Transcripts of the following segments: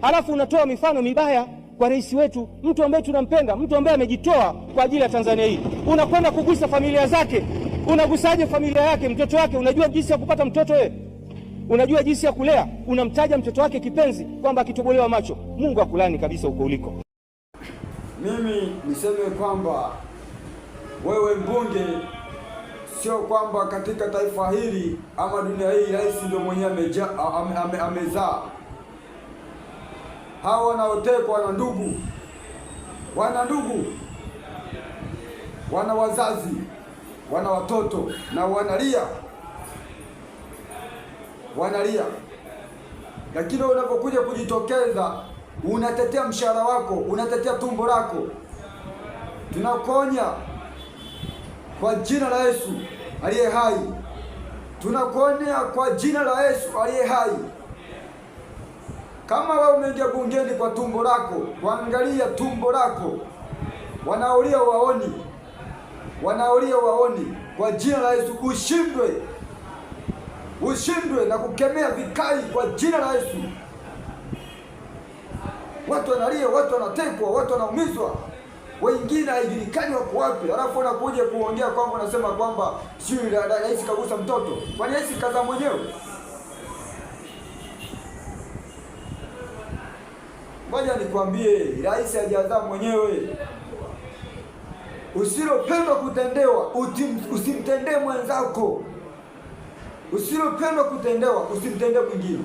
halafu unatoa mifano mibaya kwa rais wetu, mtu ambaye tunampenda, mtu ambaye amejitoa kwa ajili ya Tanzania hii. Unakwenda kugusa familia zake, unagusaje familia yake, mtoto wake? Unajua jinsi ya kupata mtoto wewe? Unajua jinsi ya kulea? Unamtaja mtoto wake kipenzi kwamba akitobolewa macho, Mungu akulani kabisa huko uliko. Mimi niseme kwamba wewe mbunge, sio kwamba katika taifa hili ama dunia hii rais ndio mwenyewe amezaa ame, ame, amezaa hao wanaotekwa wana ndugu, wana ndugu, wana wazazi, wana watoto na wanalia, wanalia. Lakini unapokuja kujitokeza, unatetea mshahara wako, unatetea tumbo lako, tunakonya kwa jina la Yesu aliye hai, tunakonya kwa jina la Yesu aliye hai. Kama wewe umeingia bungeni kwa tumbo lako, waangalia tumbo lako. Wanaolia waoni, wanaolia waoni. Kwa jina la Yesu ushindwe, ushindwe na kukemea vikali kwa jina la Yesu. Watu wanalia, watu wanatekwa, watu wanaumizwa, wengine haijulikani wako wapi, alafu wanakuja kuongea kwamba, nasema kwamba sijui rais kagusa mtoto. Kwani rais kaza mwenyewe? Ngoja nikwambie, rais hajazaa mwenyewe. Usilopendwa kutendewa usimtendee mwenzako. Usilopendwa kutendewa usimtendee mwingine,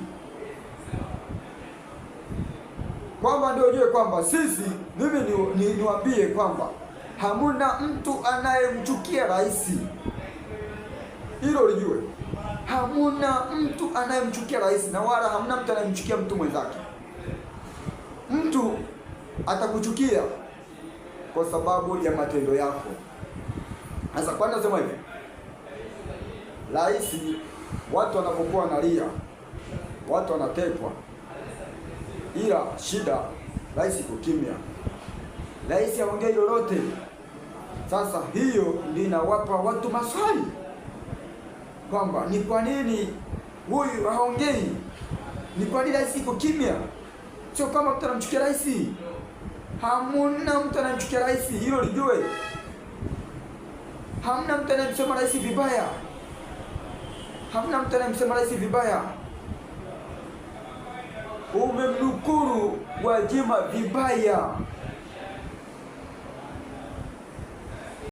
kwamba ndio ujue kwamba sisi, mimi ni, ni, kwamba hamuna mtu anayemchukia rais, hilo lijue. Hamuna mtu anayemchukia rais na wala hamuna mtu anayemchukia mtu mwenzake. Mtu atakuchukia kwa sababu ya matendo yako. Sasa kwani nini nasema hivi? Rahisi, watu wanapokuwa wanalia, watu wanatekwa, ila shida rahisi kukimya, rahisi aongee lolote. Sasa hiyo ndio inawapa watu maswali kwamba ni kwa nini huyu haongei, ni kwa nini rahisi kukimya. Sio kama mtu anamchukia rais, hamuna mtu anamchukia rais, hilo lijue. Hamna mtu anayemsema rais vibaya, hamna mtu anayemsema rais vibaya. Umemnukuru Gwajima vibaya.